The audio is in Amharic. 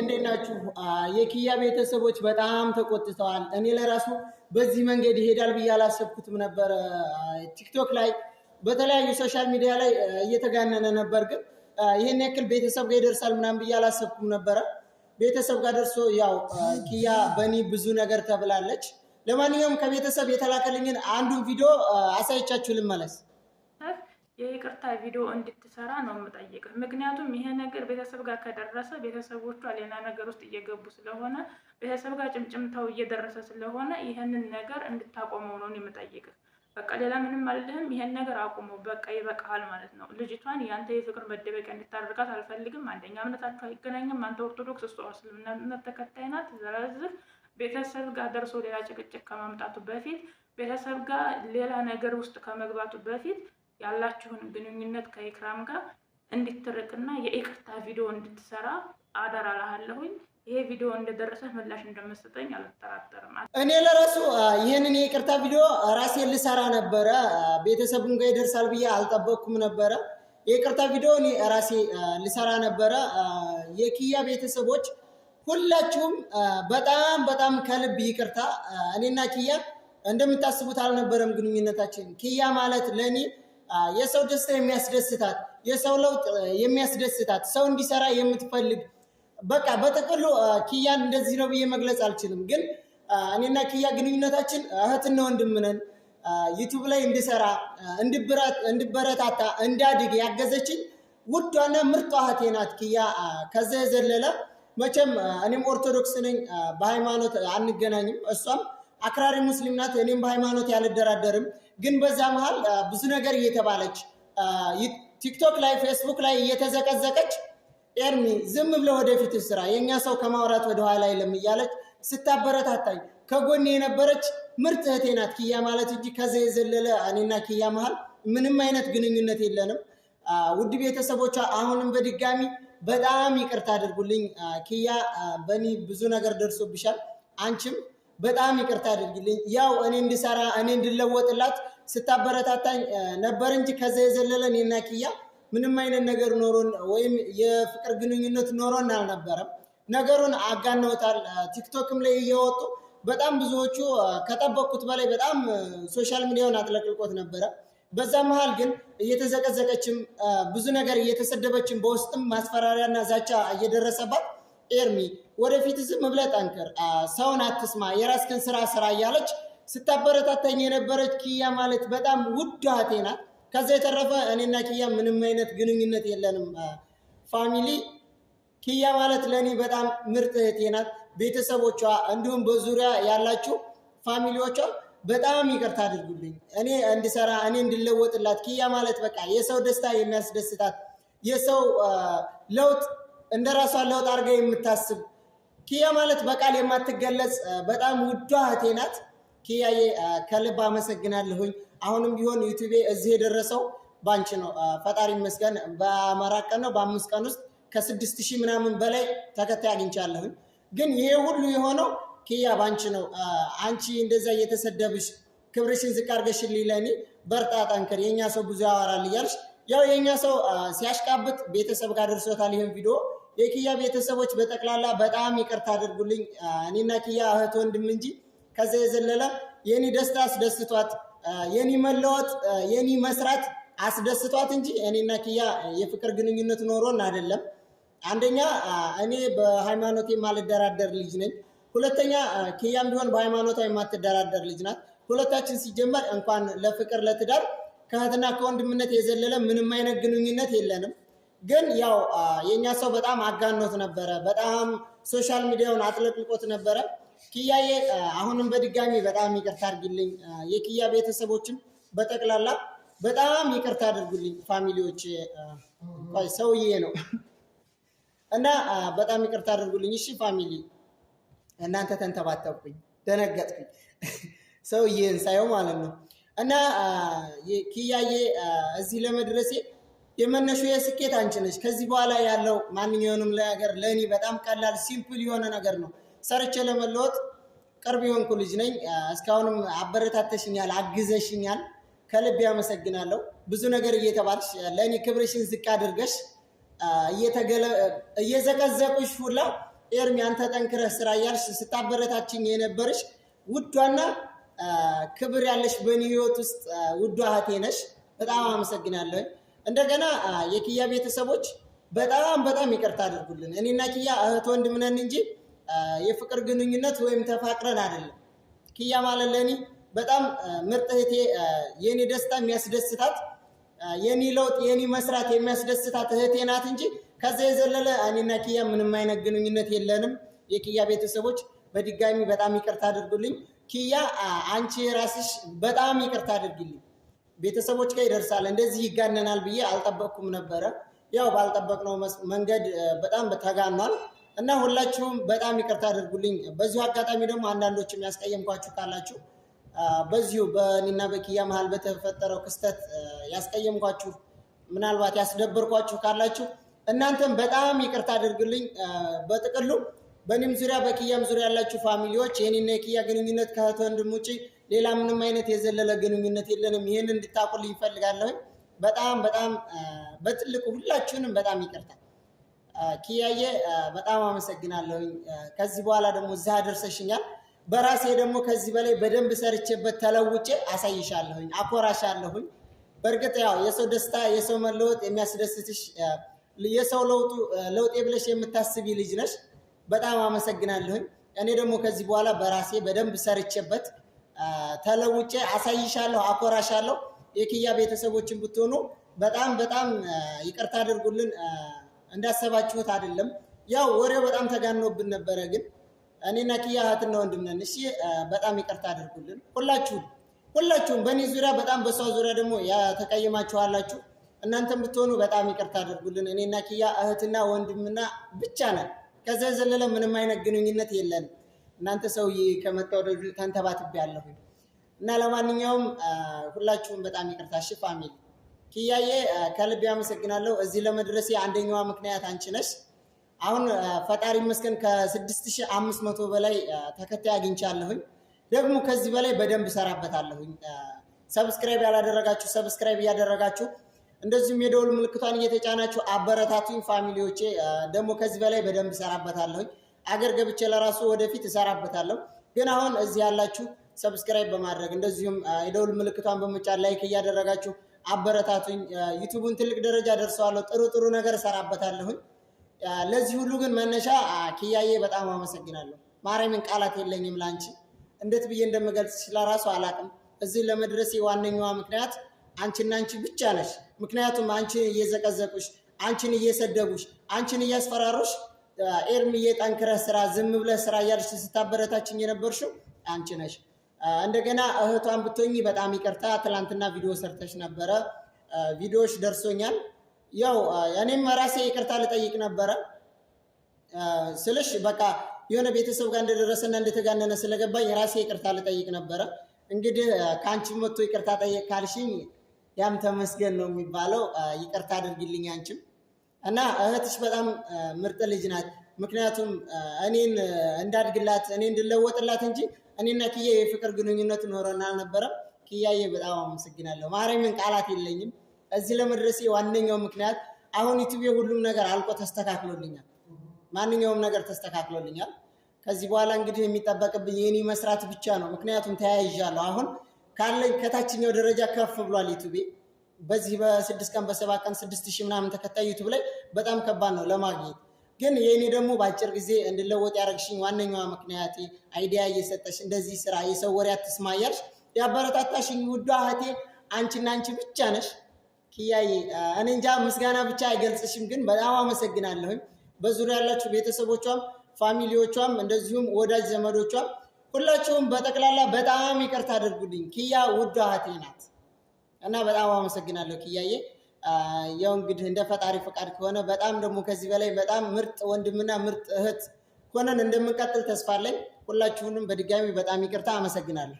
እንዴት ናችሁ? የኪያ ቤተሰቦች በጣም ተቆጥተዋል። እኔ ለራሱ በዚህ መንገድ ይሄዳል ብዬ አላሰብኩትም ነበር። ቲክቶክ ላይ በተለያዩ ሶሻል ሚዲያ ላይ እየተጋነነ ነበር፣ ግን ይህን ያክል ቤተሰብ ጋር ይደርሳል ምናምን ብዬ አላሰብኩም ነበረ። ቤተሰብ ጋር ደርሶ ያው ኪያ በኒ ብዙ ነገር ተብላለች። ለማንኛውም ከቤተሰብ የተላከልኝን አንዱን ቪዲዮ አሳይቻችሁ ልመለስ። የይቅርታ ቪዲዮ እንድትሰራ ነው የምጠይቅህ። ምክንያቱም ይሄ ነገር ቤተሰብ ጋር ከደረሰ ቤተሰቦቿ ሌላ ነገር ውስጥ እየገቡ ስለሆነ ቤተሰብ ጋር ጭምጭምታው እየደረሰ ስለሆነ ይህንን ነገር እንድታቆመው ነው የምጠይቅህ። በቃ ሌላ ምንም አልልህም። ይሄን ነገር አቁመው፣ በቃ ይበቃሃል ማለት ነው። ልጅቷን ያንተ የፍቅር መደበቂያ እንድታደርጋት አልፈልግም። አንደኛ እምነታችሁ አይገናኝም። አንተ ኦርቶዶክስ፣ እሷ እስልምና እምነት ተከታይ ናት። ስለዚህ ቤተሰብ ጋር ደርሶ ሌላ ጭቅጭቅ ከማምጣቱ በፊት ቤተሰብ ጋር ሌላ ነገር ውስጥ ከመግባቱ በፊት ያላችሁን ግንኙነት ከኢክራም ጋር እንድትርቅና የይቅርታ ቪዲዮ እንድትሰራ አደራ እልሃለሁኝ። ይሄ ቪዲዮ እንደደረሰ ምላሽ እንደመሰጠኝ አልጠራጠርም። እኔ ለራሱ ይህንን የይቅርታ ቪዲዮ ራሴ ልሰራ ነበረ። ቤተሰቡን ጋር ይደርሳል ብዬ አልጠበቅኩም ነበረ። የይቅርታ ቪዲዮ እኔ ራሴ ልሰራ ነበረ። የኪያ ቤተሰቦች ሁላችሁም በጣም በጣም ከልብ ይቅርታ። እኔና ኪያ እንደምታስቡት አልነበረም ግንኙነታችን። ኪያ ማለት ለእኔ የሰው ደስታ የሚያስደስታት የሰው ለውጥ የሚያስደስታት ሰው እንዲሰራ የምትፈልግ በቃ በጥቅሉ ኪያን እንደዚህ ነው ብዬ መግለጽ አልችልም። ግን እኔና ኪያ ግንኙነታችን እህትና ወንድም ነን። ዩቱብ ላይ እንድሰራ እንድበረታታ እንዳድግ ያገዘችኝ ውዷና ምርጧ እህቴ ናት ኪያ። ከዛ የዘለለ መቼም እኔም ኦርቶዶክስ ነኝ፣ በሃይማኖት አንገናኝም። እሷም አክራሪ ሙስሊም ናት፣ እኔም በሃይማኖት ያልደራደርም። ግን በዛ መሀል ብዙ ነገር እየተባለች ቲክቶክ ላይ ፌስቡክ ላይ እየተዘቀዘቀች ኤርሚ ዝም ብለ ወደፊት ስራ የእኛ ሰው ከማውራት ወደኋላ የለም እያለች ስታበረታታኝ ከጎኔ የነበረች ምርጥ እህቴ ናት ኪያ ማለት እንጂ ከዚ የዘለለ እኔና ኪያ መሀል ምንም አይነት ግንኙነት የለንም። ውድ ቤተሰቦቿ አሁንም በድጋሚ በጣም ይቅርታ አድርጉልኝ። ኪያ በእኔ ብዙ ነገር ደርሶብሻል አንቺም በጣም ይቅርታ አድርግልኝ። ያው እኔ እንድሰራ እኔ እንድለወጥላት ስታበረታታኝ ነበር እንጂ ከዛ የዘለለ እኔና ኪያ ምንም አይነት ነገር ኖሮን ወይም የፍቅር ግንኙነት ኖሮን አልነበረም። ነገሩን አጋነውታል። ቲክቶክም ላይ እየወጡ በጣም ብዙዎቹ ከጠበቅኩት በላይ በጣም ሶሻል ሚዲያውን አጥለቅልቆት ነበረ። በዛ መሀል ግን እየተዘቀዘቀችም ብዙ ነገር እየተሰደበችም በውስጥም ማስፈራሪያና ዛቻ እየደረሰባት ኤርሚ ወደፊት ዝም ብለህ ጠንክር፣ ሰውን አትስማ፣ የራስህን ስራ ስራ እያለች ስታበረታታኝ የነበረች ኪያ ማለት በጣም ውድ እህቴ ናት። ከዛ የተረፈ እኔና ኪያ ምንም አይነት ግንኙነት የለንም ፋሚሊ። ኪያ ማለት ለእኔ በጣም ምርጥ እህቴ ናት። ቤተሰቦቿ እንዲሁም በዙሪያ ያላችሁ ፋሚሊዎቿ በጣም ይቅርታ አድርጉልኝ። እኔ እንድሰራ እኔ እንድለወጥላት ኪያ ማለት በቃ የሰው ደስታ የሚያስደስታት የሰው ለውጥ እንደ ራሷ ለውጥ አድርጋ የምታስብ ኪያ ማለት በቃል የማትገለጽ በጣም ውዷ እህቴ ናት። ኪያዬ ከልብ አመሰግናለሁኝ። አሁንም ቢሆን ዩቲቤ እዚህ የደረሰው ባንቺ ነው። ፈጣሪ ይመስገን። በአማራ ቀን ነው በአምስት ቀን ውስጥ ከስድስት ሺህ ምናምን በላይ ተከታይ አግኝቻለሁኝ። ግን ይሄ ሁሉ የሆነው ኪያ ባንቺ ነው። አንቺ እንደዛ እየተሰደብሽ ክብርሽን ዝቅ አድርገሽልኝ ለእኔ በርታ፣ ጠንክር፣ የእኛ ሰው ብዙ ያወራል እያልሽ ያው የእኛ ሰው ሲያሽቃብጥ ቤተሰብ ጋር ደርሶታል ይህን ቪዲዮ የኪያ ቤተሰቦች በጠቅላላ በጣም ይቅርታ አድርጉልኝ። እኔና ኪያ እህት ወንድም እንጂ ከዛ የዘለለ የኔ ደስታ አስደስቷት፣ የኔ መለወጥ፣ የኔ መስራት አስደስቷት እንጂ እኔና ኪያ የፍቅር ግንኙነት ኖሮን አይደለም። አንደኛ እኔ በሃይማኖቴ የማልደራደር ልጅ ነኝ። ሁለተኛ ኪያም ቢሆን በሃይማኖቷ የማትደራደር ልጅ ናት። ሁለታችን ሲጀመር እንኳን ለፍቅር ለትዳር ከእህትና ከወንድምነት የዘለለ ምንም አይነት ግንኙነት የለንም። ግን ያው የእኛ ሰው በጣም አጋኖት ነበረ። በጣም ሶሻል ሚዲያውን አጥለቅልቆት ነበረ። ክያዬ አሁንም በድጋሚ በጣም ይቅርታ አድርግልኝ። የኪያ ቤተሰቦችም በጠቅላላ በጣም ይቅርታ አድርጉልኝ። ፋሚሊዎች ሰውዬ ነው እና በጣም ይቅርታ አድርጉልኝ። እሺ ፋሚሊ፣ እናንተ ተንተባተብኩኝ፣ ደነገጥኩኝ። ሰውዬን ሳየው ማለት ነው እና ክያዬ እዚህ ለመድረሴ የመነሹ የስኬት አንቺ ነች። ከዚህ በኋላ ያለው ማንኛውንም ነገር ለእኔ በጣም ቀላል ሲምፕል የሆነ ነገር ነው። ሰርቼ ለመለወጥ ቅርብ የሆንኩ ልጅ ነኝ። እስካሁንም አበረታተሽኛል፣ አግዘሽኛል። ከልብ ያመሰግናለሁ። ብዙ ነገር እየተባልሽ ለእኔ ክብርሽን ዝቅ አድርገሽ እየዘቀዘቁሽ ሁላ ኤርሚ አንተ ጠንክረህ ስራ እያልሽ ስታበረታችኝ የነበርሽ ውዷና ክብር ያለሽ በእኔ ህይወት ውስጥ ውዷ እህቴ ነሽ። በጣም አመሰግናለሁ። እንደገና የኪያ ቤተሰቦች በጣም በጣም ይቅርታ አድርጉልን። እኔና ኪያ እህት ወንድም ነን እንጂ የፍቅር ግንኙነት ወይም ተፋቅረን አይደለም። ኪያ ማለት ለእኔ በጣም ምርጥ እህቴ፣ የኔ ደስታ የሚያስደስታት፣ የኔ ለውጥ፣ የኔ መስራት የሚያስደስታት እህቴ ናት እንጂ ከዛ የዘለለ እኔና ኪያ ምንም አይነት ግንኙነት የለንም። የኪያ ቤተሰቦች በድጋሚ በጣም ይቅርታ አድርጉልኝ። ኪያ አንቺ ራስሽ በጣም ይቅርታ አድርግልኝ። ቤተሰቦች ጋር ይደርሳል። እንደዚህ ይጋነናል ብዬ አልጠበቅኩም ነበረ። ያው ባልጠበቅነው መንገድ በጣም ተጋኗል እና ሁላችሁም በጣም ይቅርታ አድርጉልኝ። በዚሁ አጋጣሚ ደግሞ አንዳንዶችም ያስቀየምኳችሁ ካላችሁ በዚሁ በእኔና በኪያ መሀል በተፈጠረው ክስተት ያስቀየምኳችሁ ምናልባት ያስደበርኳችሁ ካላችሁ እናንተም በጣም ይቅርታ አድርግልኝ። በጥቅሉ በእኔም ዙሪያ በኪያም ዙሪያ ያላችሁ ፋሚሊዎች የእኔና የኪያ ግንኙነት ከእህት ወንድም ውጪ ሌላ ምንም አይነት የዘለለ ግንኙነት የለንም። ይህን እንድታቁልኝ እፈልጋለሁ። በጣም በጣም በትልቁ ሁላችሁንም በጣም ይቅርታል። ክያየ በጣም አመሰግናለሁኝ። ከዚህ በኋላ ደግሞ እዚህ አደርሰሽኛል። በራሴ ደግሞ ከዚህ በላይ በደንብ ሰርቼበት ተለውጬ አሳይሻለሁኝ፣ አኮራሻለሁኝ። በእርግጥ ያው የሰው ደስታ የሰው መለወጥ የሚያስደስትሽ የሰው ለውጡ ለውጤ ብለሽ የምታስቢ ልጅ ነሽ። በጣም አመሰግናለሁኝ። እኔ ደግሞ ከዚህ በኋላ በራሴ በደንብ ሰርቼበት ተለውጬ አሳይሻለሁ፣ አኮራሻለሁ። የኪያ ቤተሰቦችን ብትሆኑ በጣም በጣም ይቅርታ አድርጉልን። እንዳሰባችሁት አይደለም። ያው ወሬው በጣም ተጋኖብን ነበረ፣ ግን እኔና ኪያ እህትና ወንድም ነን። እሺ በጣም ይቅርታ አድርጉልን ሁላችሁም ሁላችሁም በእኔ ዙሪያ በጣም በሷ ዙሪያ ደግሞ ተቀይማችኋላችሁ። እናንተም ብትሆኑ በጣም ይቅርታ አድርጉልን። እኔና ኪያ እህትና ወንድምና ብቻ ነን። ከዚያ ዘለለ ምንም አይነት ግንኙነት የለንም። እናንተ ሰውዬ ከመጣ ወደ ተንተባትቤ ያለሁ እና ለማንኛውም ሁላችሁም በጣም ይቅርታ እሺ ፋሚሊ። ኪያዬ ከልቤ አመሰግናለሁ። እዚህ ለመድረሴ አንደኛዋ ምክንያት አንቺ ነሽ። አሁን ፈጣሪ ይመስገን ከ6500 በላይ ተከታይ አግኝቻለሁኝ። ደግሞ ከዚህ በላይ በደንብ እሰራበታለሁኝ። ሰብስክራይብ ያላደረጋችሁ ሰብስክራይብ እያደረጋችሁ እንደዚሁም የደውል ምልክቷን እየተጫናችሁ አበረታቱኝ ፋሚሊዎቼ። ደግሞ ከዚህ በላይ በደንብ እሰራበታለሁኝ። አገር ገብቼ ለራሱ ወደፊት እሰራበታለሁ። ግን አሁን እዚህ ያላችሁ ሰብስክራይብ በማድረግ እንደዚሁም የደውል ምልክቷን በመጫን ላይክ እያደረጋችሁ አበረታቱኝ። ዩቱቡን ትልቅ ደረጃ ደርሰዋለሁ። ጥሩ ጥሩ ነገር እሰራበታለሁኝ። ለዚህ ሁሉ ግን መነሻ ኪያዬ በጣም አመሰግናለሁ። ማርያምን ቃላት የለኝም ላንቺ እንዴት ብዬ እንደምገልጽ ስለራሱ አላቅም። እዚህ ለመድረሴ ዋነኛዋ ምክንያት አንቺና አንቺ ብቻ ነሽ። ምክንያቱም አንቺን እየዘቀዘቁሽ፣ አንቺን እየሰደቡሽ፣ አንቺን እያስፈራሩሽ ኤርሚዬ ጠንክረ ስራ፣ ዝም ብለ ስራ እያልሽ ስታበረታችኝ የነበርሽው አንቺ ነሽ። እንደገና እህቷን ብትሆኚ በጣም ይቅርታ። ትላንትና ቪዲዮ ሰርተሽ ነበረ፣ ቪዲዮዎች ደርሶኛል። ያው እኔም ራሴ ይቅርታ ልጠይቅ ነበረ ስልሽ በቃ የሆነ ቤተሰብ ጋር እንደደረሰና እንደተጋነነ ስለገባኝ ራሴ ይቅርታ ልጠይቅ ነበረ። እንግዲህ ከአንቺ መጥቶ ይቅርታ ጠየቅ ካልሽኝ ያም ተመስገን ነው የሚባለው። ይቅርታ አድርግልኝ አንቺም እና እህትሽ በጣም ምርጥ ልጅ ናት። ምክንያቱም እኔን እንዳድግላት እኔ እንድለወጥላት እንጂ እኔና ክያ የፍቅር ግንኙነት ኖረን አልነበረም። ክያዬ በጣም አመሰግናለሁ። ማርያምን ቃላት የለኝም። እዚህ ለመድረሴ ዋነኛው ምክንያት አሁን ዩቲዩብ ሁሉም ነገር አልቆ ተስተካክሎልኛል። ማንኛውም ነገር ተስተካክሎልኛል። ከዚህ በኋላ እንግዲህ የሚጠበቅብኝ የኔ መስራት ብቻ ነው። ምክንያቱም ተያይዣለሁ። አሁን ካለኝ ከታችኛው ደረጃ ከፍ ብሏል ዩቲዩቤ በዚህ በስድስት ቀን በሰባት ቀን ስድስት ሺህ ምናምን ተከታይ ዩቱብ ላይ በጣም ከባድ ነው ለማግኘት። ግን የእኔ ደግሞ በአጭር ጊዜ እንድለወጥ ያደረግሽኝ ዋነኛዋ ምክንያቴ አይዲያ እየሰጠሽ እንደዚህ ስራ የሰው ወሬ አትስማ እያልሽ ያበረታታሽኝ ውዷ እህቴ አንቺና አንቺ ብቻ ነሽ። ኪያዬ እኔ እንጃ ምስጋና ብቻ አይገልጽሽም፣ ግን በጣም አመሰግናለሁኝ። በዙሪያ ያላችሁ ቤተሰቦቿም፣ ፋሚሊዎቿም እንደዚሁም ወዳጅ ዘመዶቿም ሁላችሁም በጠቅላላ በጣም ይቅርታ አድርጉልኝ። ክያ ውዷ እህቴ ናት። እና በጣም አመሰግናለሁ ክያዬ። ያው እንግዲህ እንደ ፈጣሪ ፈቃድ ከሆነ በጣም ደግሞ ከዚህ በላይ በጣም ምርጥ ወንድምና ምርጥ እህት ሆነን እንደምንቀጥል ተስፋ አለኝ። ሁላችሁንም በድጋሚ በጣም ይቅርታ አመሰግናለሁ።